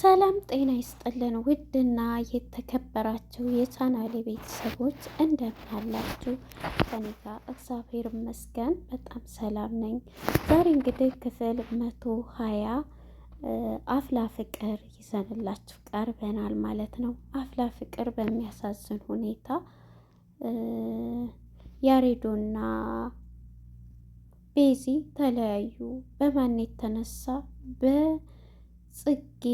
ሰላም ጤና ይስጥልን። ውድና የተከበራችሁ የቻናሌ ቤተሰቦች እንደምን አላችሁ? ከኔ ጋር እግዚአብሔር ይመስገን በጣም ሰላም ነኝ። ዛሬ እንግዲህ ክፍል መቶ ሀያ አፍላ ፍቅር ይዘንላችሁ ቀርበናል ማለት ነው። አፍላ ፍቅር በሚያሳዝን ሁኔታ ያሬዶና ቤዚ ተለያዩ። በማን የተነሳ በ ጽጌ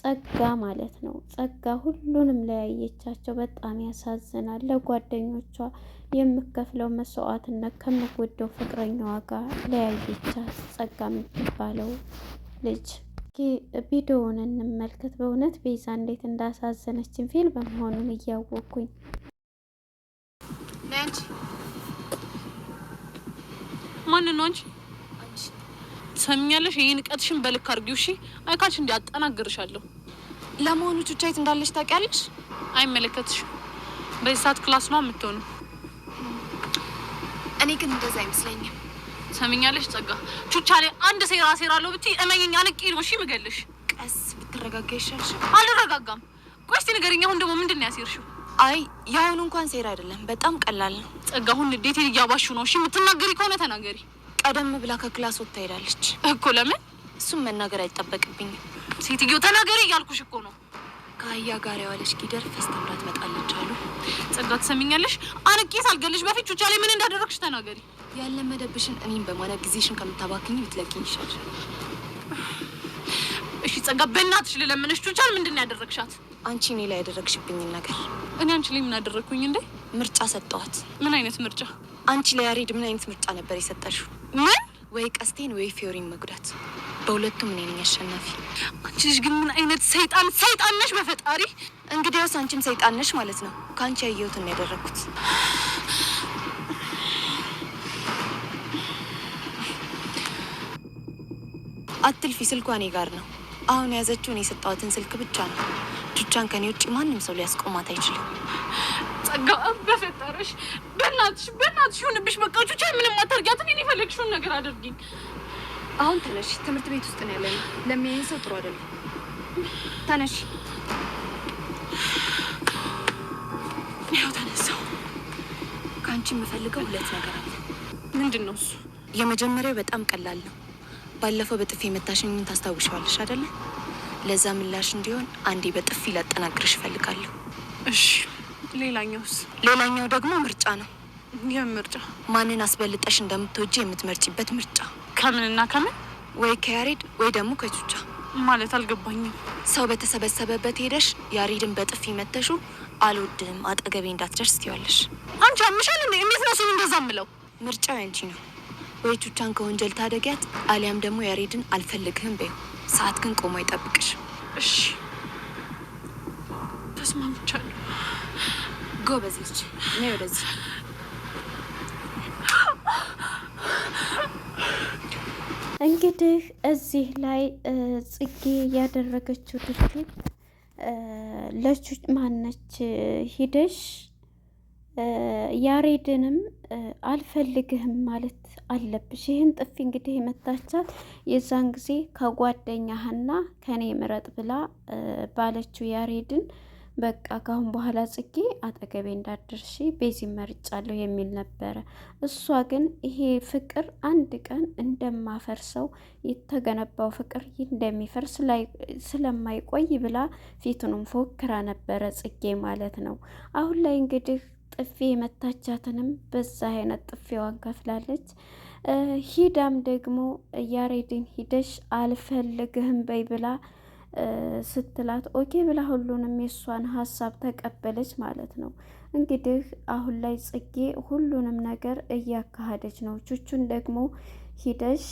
ጸጋ ማለት ነው። ጸጋ ሁሉንም ለያየቻቸው በጣም ያሳዝናል። ለጓደኞቿ የምከፍለው መስዋዕትነት ከምወደው ፍቅረኛዋ ጋር ለያየቻት ጸጋ የምትባለው ልጅ ቪዲዮውን እንመልከት። በእውነት ቤዛ እንዴት እንዳሳዘነችን ፊልም መሆኑን እያወቅኩኝ ማንን ነው ትሰሚኛለሽ? ይሄን ንቀትሽን በልክ አድርጊው። እሺ አይካች እንዲ አጠናግርሻለሁ። ለመሆኑ ቹቻይት የት እንዳለች ታውቂያለሽ? አይመለከትሽ በዚህ ሰዓት ክላስ ነው የምትሆኑ። እኔ ግን እንደዛ አይመስለኝም። ሰሚኛለሽ ጸጋ፣ ቹቻ ላይ አንድ ሴራ ሴራለሁ ብትይ እመኝኝ፣ አንቄ ነው እሺ ምገልሽ። ቀስ ብትረጋጋ ይሻልሽ። አልረጋጋም። ቆይ እስኪ ንገሪኝ፣ አሁን ደግሞ ምንድን ነው ያሴርሽው? አይ የአሁኑ እንኳን ሴራ አይደለም፣ በጣም ቀላል ነው። ጸጋ፣ አሁን ንዴቴን እያባሹ ነው። እሺ የምትናገሪ ከሆነ ተናገሪ። ቀደም ብላ ከክላስ ወጥታ ሄዳለች እኮ። ለምን? እሱም መናገር አይጠበቅብኝም። ሴትዮ ተናገሪ እያልኩሽ እኮ ነው። ከአያ ጋር የዋለች ጊደር ፈስተምራ ትመጣለች አሉ። ጸጋ፣ ትሰሚኛለሽ? አንቄ ሳልገልሽ በፊት ቹቻ ላይ ምን እንዳደረግሽ ተናገሪ። ያለመደብሽን እኔም በማለት ጊዜሽን ከምታባክኝ ብትለቅኝ ይሻል። እሺ ጸጋ፣ በእናትሽ ልለምንሽ፣ ቹቻል ምንድን ያደረግሻት? አንቺ እኔ ላይ ያደረግሽብኝን ነገር። እኔ አንቺ ላይ ምን አደረግኩኝ እንዴ? ምርጫ ሰጠዋት። ምን አይነት ምርጫ? አንቺ ላይ ያሬድ ምን አይነት ምርጫ ነበር የሰጠሽው? ምን? ወይ ቀስቴን ወይ ፊዮሪን መጉዳት። በሁለቱም እኔ ነኝ አሸናፊ። አንቺ ልጅ ግን ምን አይነት ሰይጣን ሰይጣን ነሽ! በፈጣሪ እንግዲያውስ አንቺም ሰይጣን ነሽ ማለት ነው። ከአንቺ ያየሁትን ያደረግኩት አትልፊ። ስልኳ እኔ ጋር ነው። አሁን የያዘችውን የሰጣዋትን ስልክ ብቻ ነው። ቹቻን ከኔ ውጭ ማንም ሰው ሊያስቆማት አይችልም። ጸጋ፣ በፈጠረሽ በእናትሽ በእናትሽ ይሁንብሽ። በቃ ቹቻ ምንም አታርጊያትን። እኔ የፈለግሽውን ነገር አድርጊኝ። አሁን ተነሽ፣ ትምህርት ቤት ውስጥ ነው ያለነው። ለሚያየን ሰው ጥሩ አይደለም። ተነሽ። ያው ተነሳው። ከአንቺ የምፈልገው ሁለት ነገር አለ። ምንድን ነው እሱ? የመጀመሪያው በጣም ቀላል ነው። ባለፈው በጥፊ የመታሽኝን ታስታውሻለሽ አይደለ? ለዛ ምላሽ እንዲሆን አንዴ በጥፊ ላጠናግርሽ እፈልጋለሁ። እሺ ሌላኛውስ? ሌላኛው ደግሞ ምርጫ ነው። ይህ ምርጫ ማንን አስበልጠሽ እንደምትወጂ የምትመርጭበት ምርጫ። ከምንና ከምን? ወይ ከያሬድ ወይ ደግሞ ከቹቻ ማለት አልገባኝም። ሰው በተሰበሰበበት ሄደሽ ያሬድን በጥፊ መተሹ አልወድም አጠገቤ እንዳትደርስ ትያለሽ። አንቺ አምሻል እንዴ? እንዴት ነው እሱን እንደዛ ምለው? ምርጫው ያንቺ ነው። ወይ ቹቻን ከወንጀል ታደጊያት፣ አሊያም ደግሞ ያሬድን አልፈልግህም በይ። ሰዓት ግን ቆሞ ይጠብቅሽ። እሺ ጎበዝ ነች። እኔ ወደዚህ እንግዲህ እዚህ ላይ ጽጌ ያደረገችው ድርጊት ለቹ ማነች ሂደሽ ያሬድንም አልፈልግህም ማለት አለብሽ። ይህን ጥፊ እንግዲህ የመታቻት የዛን ጊዜ ከጓደኛህና ከኔ ምረጥ ብላ ባለችው ያሬድን በቃ ካሁን በኋላ ጽጌ አጠገቤ እንዳደርሺ ቤዚ መርጫለሁ የሚል ነበረ። እሷ ግን ይሄ ፍቅር አንድ ቀን እንደማፈርሰው የተገነባው ፍቅር እንደሚፈርስ ስለማይቆይ ብላ ፊቱንም ፎክራ ነበረ ጽጌ ማለት ነው። አሁን ላይ እንግዲህ ጥፌ የመታቻትንም በዛ አይነት ጥፌዋን ከፍላለች። ሂዳም ደግሞ ያሬድን ሂደሽ አልፈልግህም በይ ብላ ስትላት ኦኬ ብላ ሁሉንም የእሷን ሀሳብ ተቀበለች ማለት ነው። እንግዲህ አሁን ላይ ጽጌ ሁሉንም ነገር እያካሄደች ነው። ቹቹን ደግሞ ሂደሽ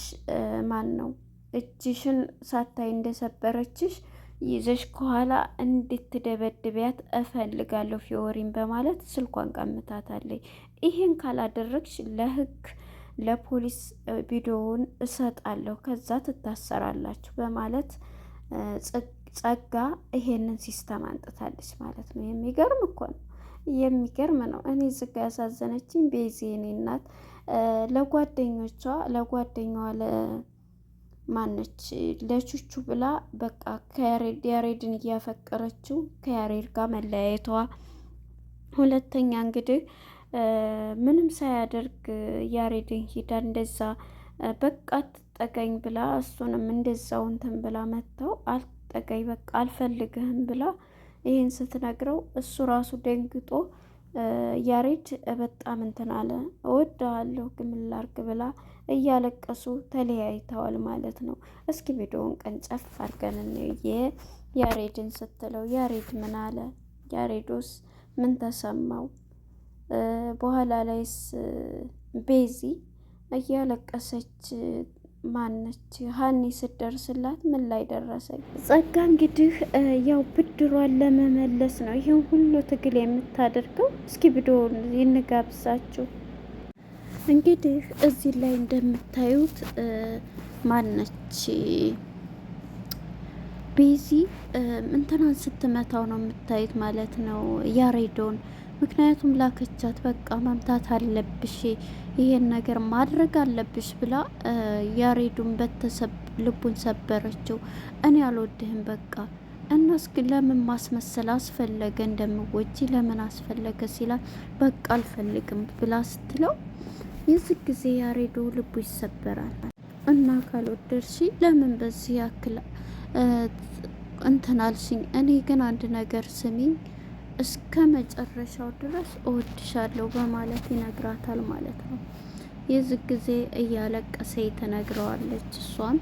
ማን ነው እጅሽን ሳታይ እንደሰበረችሽ ይዘሽ ከኋላ እንድትደበድቢያት እፈልጋለሁ ፊዮሪን በማለት ስልኳን ቀምታታለች። ይህን ካላደረግሽ ለህግ ለፖሊስ ቪዲዮውን እሰጣለሁ፣ ከዛ ትታሰራላችሁ በማለት ጸጋ ይሄንን ሲስተም አንጥታለች ማለት ነው። የሚገርም እኮ ነው፣ የሚገርም ነው። እኔ ጽጋ ያሳዘነችኝ ቤዚ የኔ እናት ለጓደኞቿ ለጓደኛዋ ለማነች ለቹቹ ብላ በቃ ያሬድን እያፈቀረችው ከያሬድ ጋር መለያየቷ ሁለተኛ እንግዲህ ምንም ሳያደርግ ያሬድን ሂዳ እንደዛ በቃ ጠጋኝ ብላ እሱንም እንደዛው እንትን ብላ መጥተው አልጠጋኝ በቃ አልፈልግህም ብላ ይህን ስትነግረው እሱ ራሱ ደንግጦ ያሬድ በጣም እንትን አለ። እወድሃለሁ ግን ብላ እያለቀሱ ተለያይተዋል ማለት ነው። እስኪ ቪዲዮውን ቀንጨፍ አድርገን እንየ ያሬድን ስትለው ያሬድ ምን አለ? ያሬዶስ ምን ተሰማው? በኋላ ላይስ ቤዚ እያለቀሰች ማነች ሀኒ ስትደርስላት ምን ላይ ደረሰ ጸጋ እንግዲህ ያው ብድሯን ለመመለስ ነው ይህን ሁሉ ትግል የምታደርገው። እስኪ ቪዲዮውን ይንጋብዛችሁ። እንግዲህ እዚህ ላይ እንደምታዩት ማነች ቤዚ እንትናን ስትመታው ነው የምታዩት ማለት ነው ያሬዶን ምክንያቱም ላከቻት በቃ መምታት አለብሽ፣ ይሄን ነገር ማድረግ አለብሽ ብላ ያሬዱን በተሰብ ልቡን ሰበረችው። እኔ አልወድህም በቃ እና እስኪ ለምን ማስመሰል አስፈለገ እንደምወጂ ለምን አስፈለገ ሲላት በቃ አልፈልግም ብላ ስትለው የዚህ ጊዜ ያሬዱ ልቡ ይሰበራል። እና ካልወደድሽ ለምን በዚህ ያክል እንትናልሽኝ? እኔ ግን አንድ ነገር ስሚኝ እስከ መጨረሻው ድረስ እወድሻለሁ በማለት ይነግራታል ማለት ነው። የዚ ጊዜ እያለቀሰ ትነግረዋለች እሷም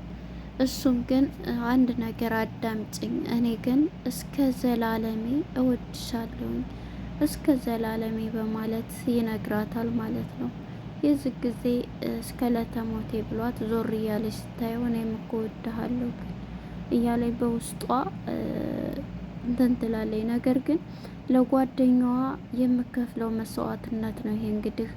እሱም ግን አንድ ነገር አዳምጭኝ፣ እኔ ግን እስከ ዘላለሜ እወድሻለሁኝ እስከ ዘላለሜ በማለት ይነግራታል ማለት ነው። የዚ ጊዜ እስከ ለተሞቴ ብሏት ዞር እያለች ስታየው እኔም እኮ እወድሃለሁ ግን በውስጧ እንትን ትላለች። ነገር ግን ለጓደኛዋ የምከፍለው መስዋዕትነት ነው። ይሄ እንግዲህ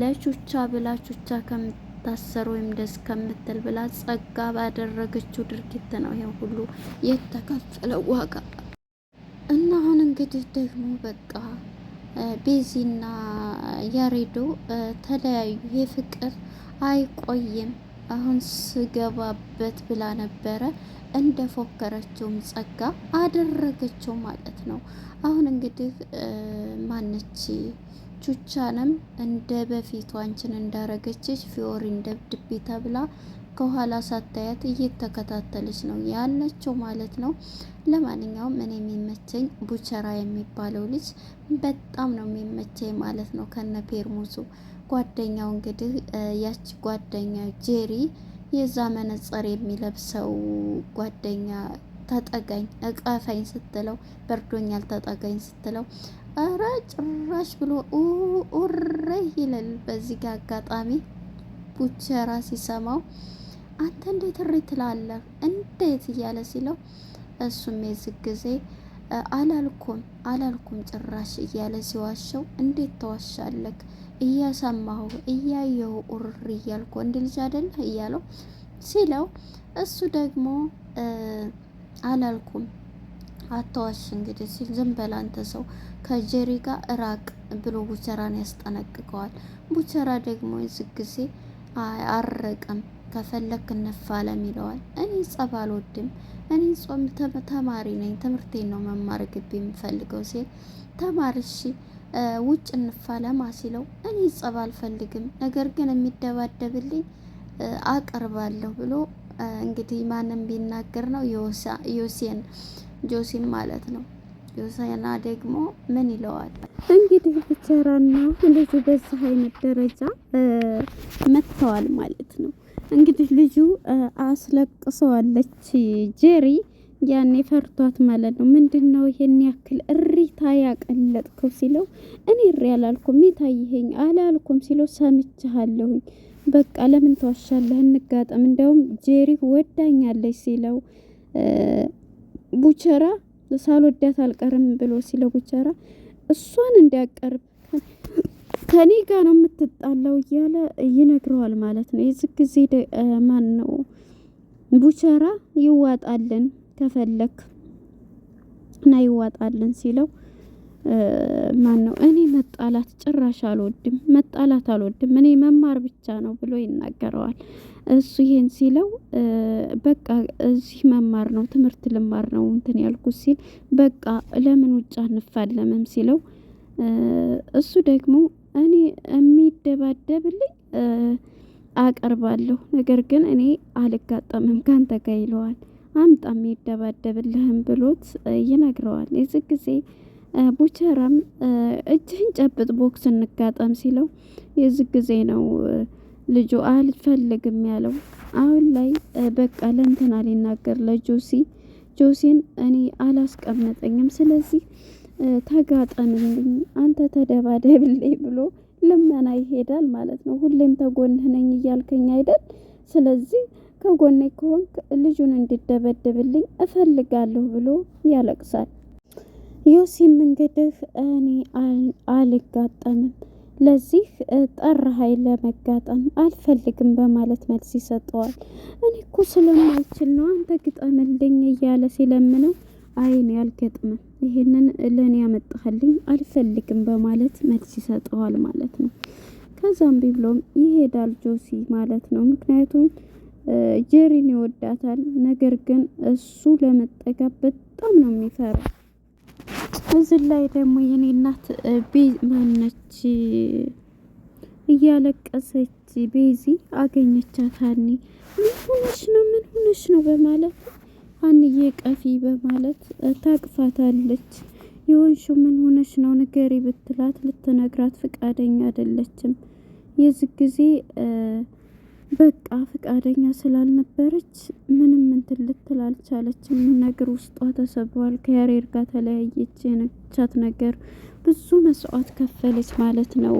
ለቹቻ ብላ ቹቻ ከምታሰር ወይም ደስ ከምትል ብላ ጸጋ ባደረገችው ድርጊት ነው ይሄ ሁሉ የተከፈለው ዋጋ እና አሁን እንግዲህ ደግሞ በቃ ቤዚና ያሬዶ ተለያዩ። የፍቅር አይቆይም አሁን ስገባበት ብላ ነበረ እንደ ፎከረችውም ጸጋ አደረገችው ማለት ነው። አሁን እንግዲህ ማነች ቹቻንም እንደ በፊቱ አንቺን እንዳረገችሽ ፊዮሪን ደብድቤ ተብላ ከኋላ ሳታያት እየተከታተለች ነው ያለችው ማለት ነው። ለማንኛውም እኔ የሚመቸኝ ቡቸራ የሚባለው ልጅ በጣም ነው የሚመቸኝ ማለት ነው ከነ ፔርሙዙ ጓደኛው እንግዲህ ያቺ ጓደኛ ጄሪ የዛ መነጽር የሚለብሰው ጓደኛ ተጠጋኝ እቀፈኝ ስትለው በርዶኛል ተጠጋኝ ስትለው ኧረ ጭራሽ ብሎ ኡሬ ይላል። በዚህ ጋር አጋጣሚ ቡቸራ ሲሰማው አንተ እንዴት እሪ ትላለህ እንዴት እያለ ሲለው እሱም የዚህ ጊዜ አላልኩም አላልኩም ጭራሽ እያለ ሲዋሸው እንዴት ተዋሻለክ እያሰማሁ እያየሁ ቁርር እያልኩ ወንድ ልጅ አይደል እያለው ሲለው እሱ ደግሞ አላልኩም አታዋሽ እንግዲህ ሲል ዝም በል አንተ ሰው ከጀሪ ጋር እራቅ ብሎ ቡቸራን ያስጠነቅቀዋል። ቡቸራ ደግሞ እዚህ ጊዜ አረቅም ከፈለክ እንፋለም ይለዋል። እኔ ጸብ አልወድም፣ እኔ ጾም ተማሪ ነኝ፣ ትምህርቴን ነው መማር ግቢ የምፈልገው ሲል ተማር እሺ ውጭ እንፋለማ ሲለው እኔ ጸብ አልፈልግም፣ ነገር ግን የሚደባደብልኝ አቀርባለሁ ብሎ እንግዲህ ማንም ቢናገር ነው ዮሴን ጆሲን ማለት ነው። ዮሴና ደግሞ ምን ይለዋል እንግዲህ ብቸራና እንደዚህ በዚህ አይነት ደረጃ መጥተዋል ማለት ነው። እንግዲህ ልጁ አስለቅሰዋለች ጄሪ ያኔ ፈርቷት ማለት ነው። ምንድን ነው ይሄን ያክል እሪታ ያቀለጥከው ሲለው እኔ እሪ አላልኩም የታይኸኝ አላልኩም ሲለው ሰምቻሃለሁኝ። በቃ ለምን ተዋሻለህ? እንጋጠም እንደውም ጄሪ ወዳኛለች ሲለው ቡቸራ ሳልወዳት አልቀርም ብሎ ሲለው ቡቸራ እሷን እንዲያቀርብ ከኔ ጋር ነው የምትጣላው እያለ ይነግረዋል ማለት ነው። የዚህ ጊዜ ማን ነው ቡቸራ ይዋጣልን ከፈለክ እና ይዋጣልን ሲለው ማን ነው እኔ መጣላት ጭራሽ አልወድም፣ መጣላት አልወድም፣ እኔ መማር ብቻ ነው ብሎ ይናገረዋል። እሱ ይሄን ሲለው በቃ እዚህ መማር ነው ትምህርት ልማር ነው እንትን ያልኩት ሲል በቃ ለምን ውጭ አንፋለምም ሲለው እሱ ደግሞ እኔ የሚደባደብልኝ አቀርባለሁ፣ ነገር ግን እኔ አልጋጠምም ካንተ ጋር ይለዋል። አምጣም ይደባደብልህም ብሎት ይነግረዋል። የዚህ ጊዜ ቡቸራም እጅህን ጨብጥ ቦክስ እንጋጠም ሲለው የዚህ ጊዜ ነው ልጁ አልፈልግም ያለው። አሁን ላይ በቃ ለእንትና ሊናገር ለጆሲ ጆሲን እኔ አላስቀመጠኝም፣ ስለዚህ ተጋጠምልኝ፣ አንተ ተደባደብልኝ ብሎ ልመና ይሄዳል ማለት ነው። ሁሌም ተጎንህ ነኝ እያልከኝ አይደል? ስለዚህ ከጎኔ ከሆንክ ልጁን እንዲደበድብልኝ እፈልጋለሁ ብሎ ያለቅሳል። ዮሲም እንግዲህ እኔ አልጋጠምም፣ ለዚህ ጠር ጠራኸኝ ለመጋጠም አልፈልግም በማለት መልስ ይሰጠዋል። እኔ እኮ ስለማልችል ነው አንተ ግጠምልኝ እያለ ሲለምነው አይን ያልገጥምም ይህንን ለእኔ ያመጣህልኝ አልፈልግም በማለት መልስ ይሰጠዋል ማለት ነው። ከዛም ቢብሎም ይሄዳል ጆሲ ማለት ነው ምክንያቱም ጀሪን ይወዳታል። ነገር ግን እሱ ለመጠጋት በጣም ነው የሚፈራ። እዚህ ላይ ደግሞ የኔ እናት ማነች እያለቀሰች ቤዚ አገኘቻት። ሀኒ ምን ሆነሽ ነው ምን ሆነሽ ነው በማለት ሀኒዬ ቀፊ በማለት ታቅፋታለች። የሆንሽው ምን ሆነሽ ነው ንገሪ ብትላት ልትነግራት ፈቃደኛ አይደለችም። የዚህ ጊዜ በቃ ፍቃደኛ ስላልነበረች ምንም እንትን ልትል አልቻለችም። ነገር ውስጧ ተሰብሯል። ከያሬር ጋር ተለያየች። የነቻት ነገር ብዙ መስዋዕት ከፈለች ማለት ነው።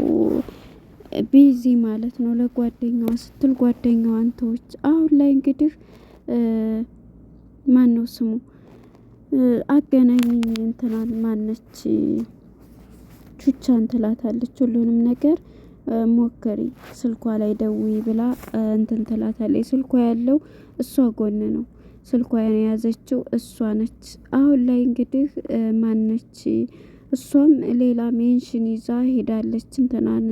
ቢዚ ማለት ነው ለጓደኛዋ ስትል ጓደኛዋ አንተዎች አሁን ላይ እንግዲህ ማን ነው ስሙ አገናኝኝ እንትናል ማነች ቹቻን ትላታለች ሁሉንም ነገር ሞክሪ ስልኳ ላይ ደዊ ብላ እንትን ትላታለች። ስልኳ ያለው እሷ ጎን ነው። ስልኳ የያዘችው እሷ ነች። አሁን ላይ እንግዲህ ማነች እሷም ሌላ ሜንሽን ይዛ ሄዳለች፣ እንትናን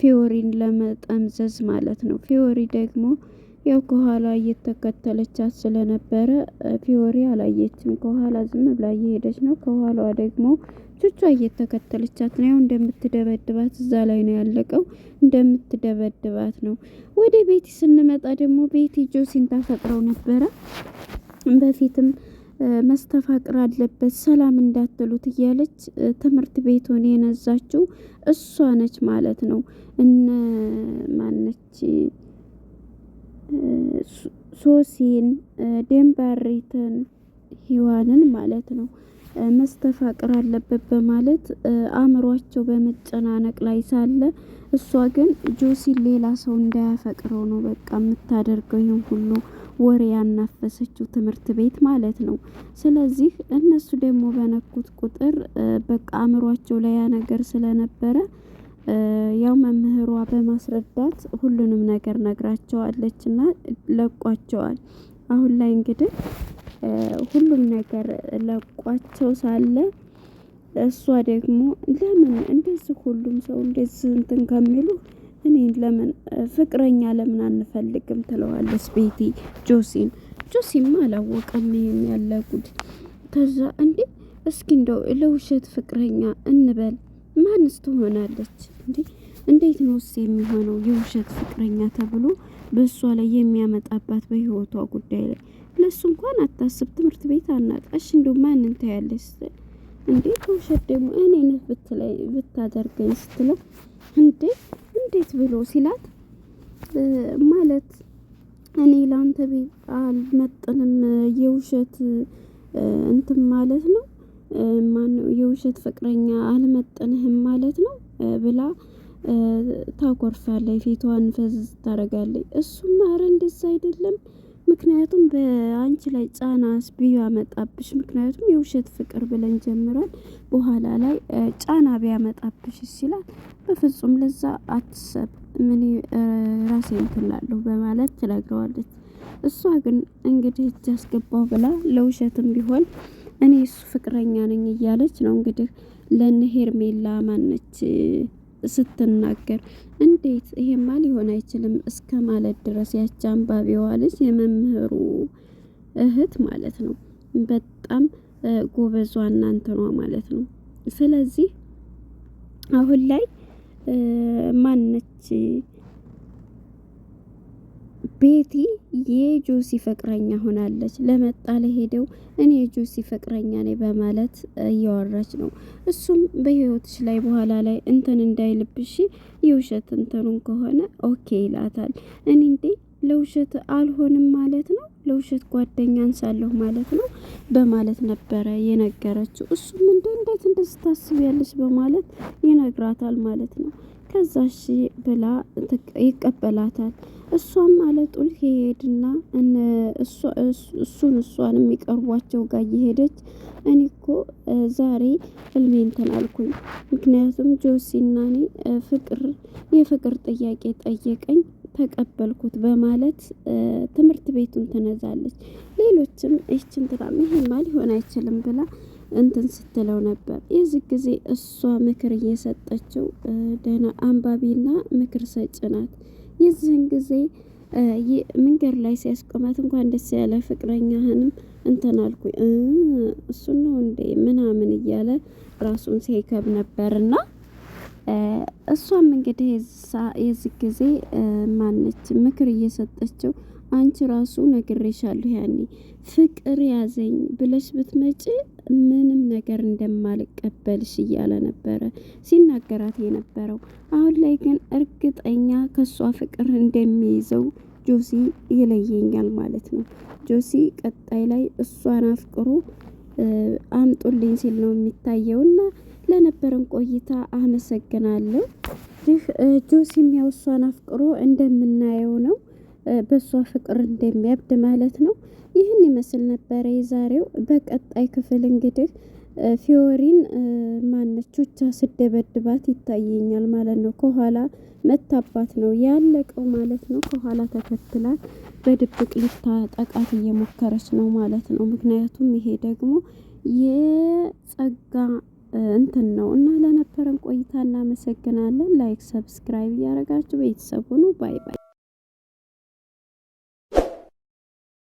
ፊዮሪን ለመጠምዘዝ ማለት ነው። ፊዮሪ ደግሞ ያው ከኋላ እየተከተለቻት ስለነበረ ፊዮሪ አላየችም። ከኋላ ዝም ብላ እየሄደች ነው። ከኋላዋ ደግሞ ቹቿ እየተከተለቻት ነው። ያው እንደምትደበድባት እዛ ላይ ነው ያለቀው። እንደምትደበድባት ነው። ወደ ቤቲ ስንመጣ ደግሞ ቤቲ ጆሲን ታፈቅረው ነበረ በፊትም መስተፋቅር አለበት ሰላም እንዳትሉት እያለች ትምህርት ቤቱን የነዛችው እሷ ነች ማለት ነው። እነ ማነች ሶሲን፣ ደንባሪትን፣ ሂዋንን ማለት ነው መስተፋቅር አለበት በማለት አእምሯቸው በመጨናነቅ ላይ ሳለ እሷ ግን ጆሲን ሌላ ሰው እንዳያፈቅረው ነው በቃ የምታደርገው ይህን ሁሉ ወሬ ያናፈሰችው ትምህርት ቤት ማለት ነው። ስለዚህ እነሱ ደግሞ በነኩት ቁጥር በቃ አእምሯቸው ላይ ያ ነገር ስለነበረ ያው መምህሯ በማስረዳት ሁሉንም ነገር ነግራቸዋለች እና ለቋቸዋል። አሁን ላይ እንግዲህ ሁሉም ነገር ለቋቸው ሳለ እሷ ደግሞ ለምን እንደዚህ ሁሉም ሰው እንደዚህ እንትን ከሚሉ እኔ ለምን ፍቅረኛ ለምን አንፈልግም ትለዋለች ቤቲ ጆሲን። ጆሲም አላወቀም ይሄን ያለ ጉድ። ከዛ እንዴ እስኪ እንደው ለውሸት ፍቅረኛ እንበል ማንስ ትሆናለች እንዴ? እንዴት ነውስ የሚሆነው? የውሸት ፍቅረኛ ተብሎ በእሷ ላይ የሚያመጣባት በህይወቷ ጉዳይ ላይ ለሱ እንኳን አታስብ። ትምህርት ቤት አናቃሽ እንዲሁ ማንን ታያለች እንዴ? ከውሸት ደግሞ እኔንህ ብታደርገኝ ስትለው እንዴ እንዴት ብሎ ሲላት ማለት እኔ ለአንተ ቤት አልመጥንም የውሸት እንትን ማለት ነው ማነው የውሸት ፍቅረኛ አልመጠንህም ማለት ነው ብላ ታኮርፋለች። ፊቷን ፈዝ ታደርጋለች። እሱም ኧረ እንደዛ አይደለም፣ ምክንያቱም በአንቺ ላይ ጫና ቢያመጣብሽ፣ ምክንያቱም የውሸት ፍቅር ብለን ጀምረን በኋላ ላይ ጫና ቢያመጣብሽ ይችላል። በፍጹም ለዛ አትሰብ፣ ምን ራሴ እንትላለሁ በማለት ትነግረዋለች። እሷ ግን እንግዲህ እጅ አስገባው ብላ ለውሸትም ቢሆን እኔ እሱ ፍቅረኛ ነኝ እያለች ነው እንግዲህ ለእነ ሄርሜላ ማነች ስትናገር እንዴት ይሄማ ሊሆን አይችልም እስከ ማለት ድረስ ያቺ አንባቢዋ ልጅ የመምህሩ እህት ማለት ነው። በጣም ጎበዟ እናንትኗ ማለት ነው። ስለዚህ አሁን ላይ ማነች ቤቲ የጆሲ ፍቅረኛ ሆናለች። ለመጣ ለሄደው እኔ የጆሲ ፍቅረኛ ነኝ በማለት እያወራች ነው። እሱም በህይወትሽ ላይ በኋላ ላይ እንትን እንዳይልብሽ የውሸት እንትኑን ከሆነ ኦኬ ይላታል። እኔ እንዴ ለውሸት አልሆንም ማለት ነው፣ ለውሸት ጓደኛ አንሳለሁ ማለት ነው በማለት ነበረ የነገረችው። እሱም እንደ እንዴት እንደዚህ ታስቢያለሽ በማለት ይነግራታል ማለት ነው። ከዛ እሺ ብላ ይቀበላታል። እሷም አለጡል ይሄድና እሱን እሷን የሚቀርቧቸው ጋር እየሄደች እኔ እኮ ዛሬ እልሜንትን አልኩኝ። ምክንያቱም ጆሲና እኔ ፍቅር የፍቅር ጥያቄ ጠየቀኝ ተቀበልኩት በማለት ትምህርት ቤቱን ትነዛለች። ሌሎችም ይችን ትላም ይሄማ ሊሆን አይችልም ብላ እንትን ስትለው ነበር። የዚህ ጊዜ እሷ ምክር እየሰጠችው ደህና አንባቢና ምክር ሰጭ ናት። የዚህን ጊዜ መንገድ ላይ ሲያስቆማት እንኳን ደስ ያለ ፍቅረኛህንም እንትን አልኩኝ እሱ ነው እንዴ ምናምን እያለ ራሱን ሲከብ ነበርና እሷም እንግዲህ የዚህ ጊዜ ማነች ምክር እየሰጠችው አንቺ ራሱ ነግሬሻለሁ ያኔ ፍቅር ያዘኝ ብለሽ ብትመጪ ምንም ነገር እንደማልቀበልሽ እያለ ነበረ ሲናገራት የነበረው። አሁን ላይ ግን እርግጠኛ ከእሷ ፍቅር እንደሚይዘው ጆሲ ይለየኛል ማለት ነው። ጆሲ ቀጣይ ላይ እሷን አፍቅሮ አምጡልኝ ሲል ነው የሚታየውና ለነበረን ቆይታ አመሰግናለሁ። ይህ ጆሲም ያው እሷን አፍቅሮ እንደምናየው ነው፣ በእሷ ፍቅር እንደሚያብድ ማለት ነው። ይህን ይመስል ነበረ የዛሬው። በቀጣይ ክፍል እንግዲህ ፊዮሪን ማነች ብቻ ስደበድባት ይታየኛል ማለት ነው። ከኋላ መታባት ነው ያለቀው ማለት ነው። ከኋላ ተከትላል በድብቅ ልታጠቃት እየሞከረች ነው ማለት ነው። ምክንያቱም ይሄ ደግሞ የጸጋ እንትን ነው እና ለነበረን ቆይታ እናመሰግናለን። ላይክ ሰብስክራይብ እያደረጋችሁ ቤተሰብ ሁኑ። ባይ ባይ።